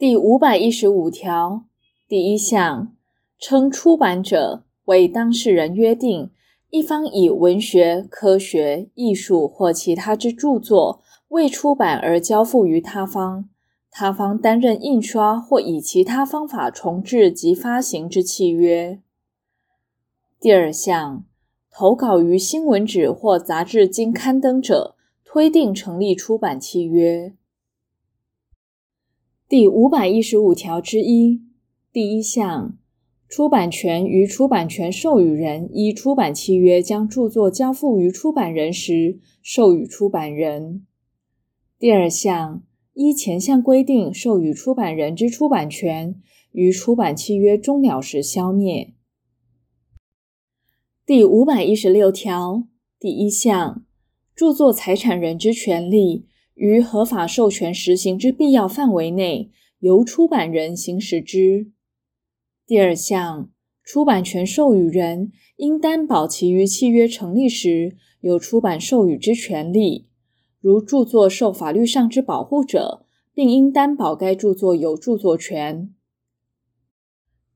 第五百一十五條第一項，稱出版者為當事人約定，一方以文學、科學、藝術或其他之著作為出版而交付於他方，他方擔任印刷或以其他方法重製及發行之契約。第二項，投稿於新聞紙或雜誌經刊登者，推定成立出版契約。第五百一十五條之一第一項，出版權於出版權授予人依出版契約將著作交付於出版人時授予出版人。第二項，依前項規定授予出版人之出版權，於出版契約終了時消滅。第五百一十六條第一項，著作財產人之權利，於合法授權實行之必要範圍內，由出版人行使之。第二項，出版權授予人應擔保其於契約成立時有出版授予之權利，如著作受法律上之保護者，並應擔保該著作有著作權。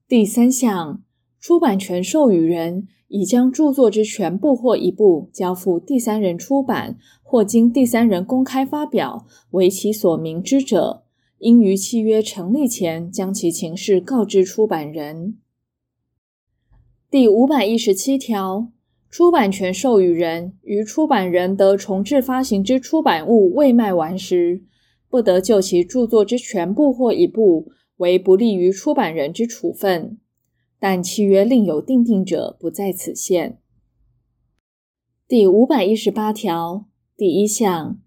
第三項。出版權授予人已將著作之全部或一部交付第三人出版，或經第三人公開發表為其所明知者，應於契約成立前將其情事告知出版人。第五百一十七條，出版權授予人於出版人得重製發行之出版物未賣完時，不得就其著作之全部或一部為不利於出版人之處分。但契約另有訂定者，不在此限。第五百一十八條第一項，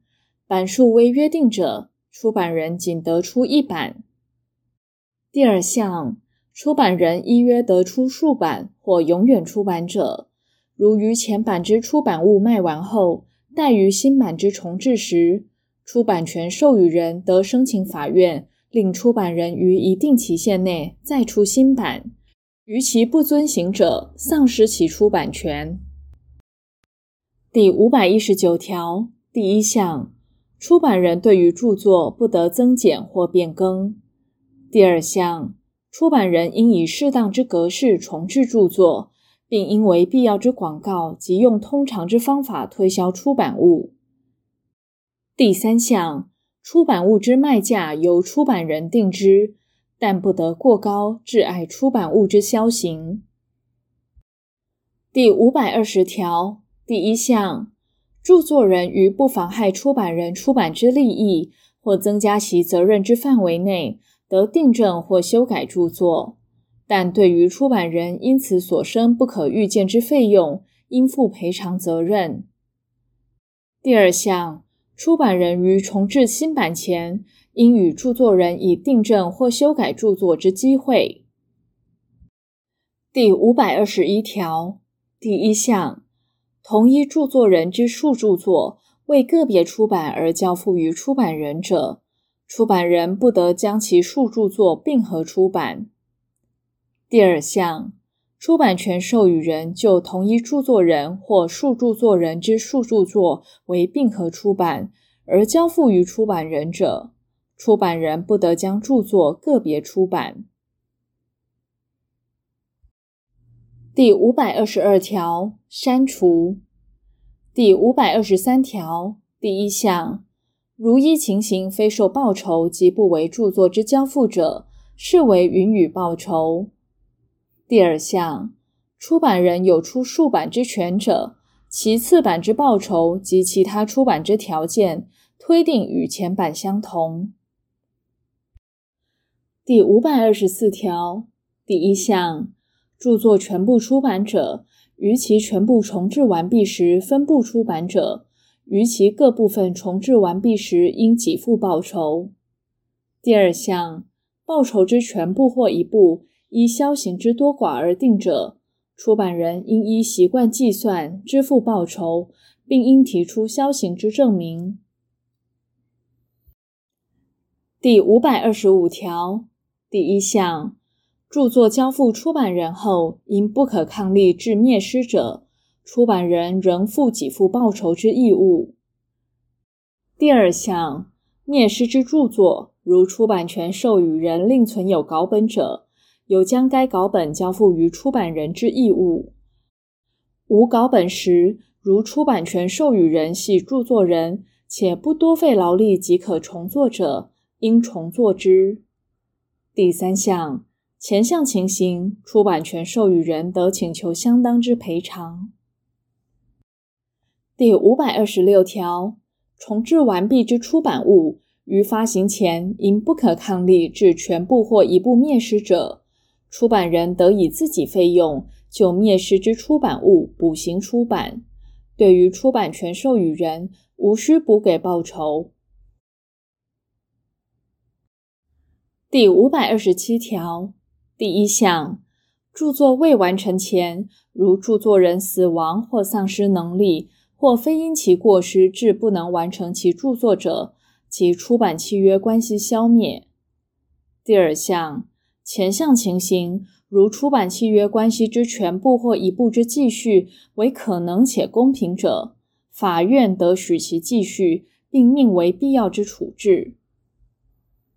版數未約定者，出版人僅得出一版；第二項，出版人依約得出數版或永遠出版者，如於前版之出版物賣完後，待於新版之重製時，出版權授予人得申請法院令出版人於一定期限內再出新版。逾期不遵行者，喪失其出版權。第五百一十九條第一項，出版人對於著作不得增減或變更；第二項，出版人應以適當之格式重製著作，並應為必要之廣告及用通常之方法推銷出版物；第三項，出版物之賣價由出版人定之。但不得過高致礙出版物之銷行。第五百二十條第一項，著作人於不妨害出版人出版之利益或增加其責任之範圍內，得訂正或修改著作；但對於出版人因此所生不可預見之費用，應負賠償責任。第二項，出版人於重製新版前，應予著作人以訂正或修改著作之機會。第五百二十一條第一項，同一著作人之數著作為個別出版而交付於出版人者，出版人不得將其數著作併合出版。第二項，出版權授予人就同一著作人或數著作人之數著作為併合出版而交付於出版人者，出版人不得將著作個別出版。第五百二十二條刪除。第五百二十三條第一項，如依情形非受報酬即不為著作之交付者，視為允與報酬。第二項，出版人有出數版之權者，其次版之報酬及其他出版之條件，推定與前版相同。第五百二十四條，第一項，著作全部出版者，於其全部重製完畢時，分部出版者，於其各部分重製完畢時，應給付報酬。第二項，報酬之全部或一部，依銷行之多寡而定者，出版人應依習慣計算支付報酬，並應提出銷行之證明。第五百二十五條。第一項，著作交付出版人後，因不可抗力致滅失者，出版人仍負給付報酬之義務。第二項，滅失之著作，如出版權授予人另存有稿本者，有將該稿本交付於出版人之義務；無稿本時，如出版權授予人係著作人且不多費勞力即可重作者，應重作之。第三項，前項情形，出版權授予人得請求相當之賠償。第五百二十六條，重置完畢之出版物於發行前因不可抗力致全部或一部滅失者，出版人得以自己費用就滅失之出版物補行出版，對於出版權授予人無須補給報酬。第五百二十七條，第一項，著作未完成前，如著作人死亡或喪失能力，或非因其過失致不能完成其著作者，其出版契約關係消滅。第二項，前項情形，如出版契約關係之全部或一部之繼續為可能且公平者，法院得許其繼續，並命為必要之處置。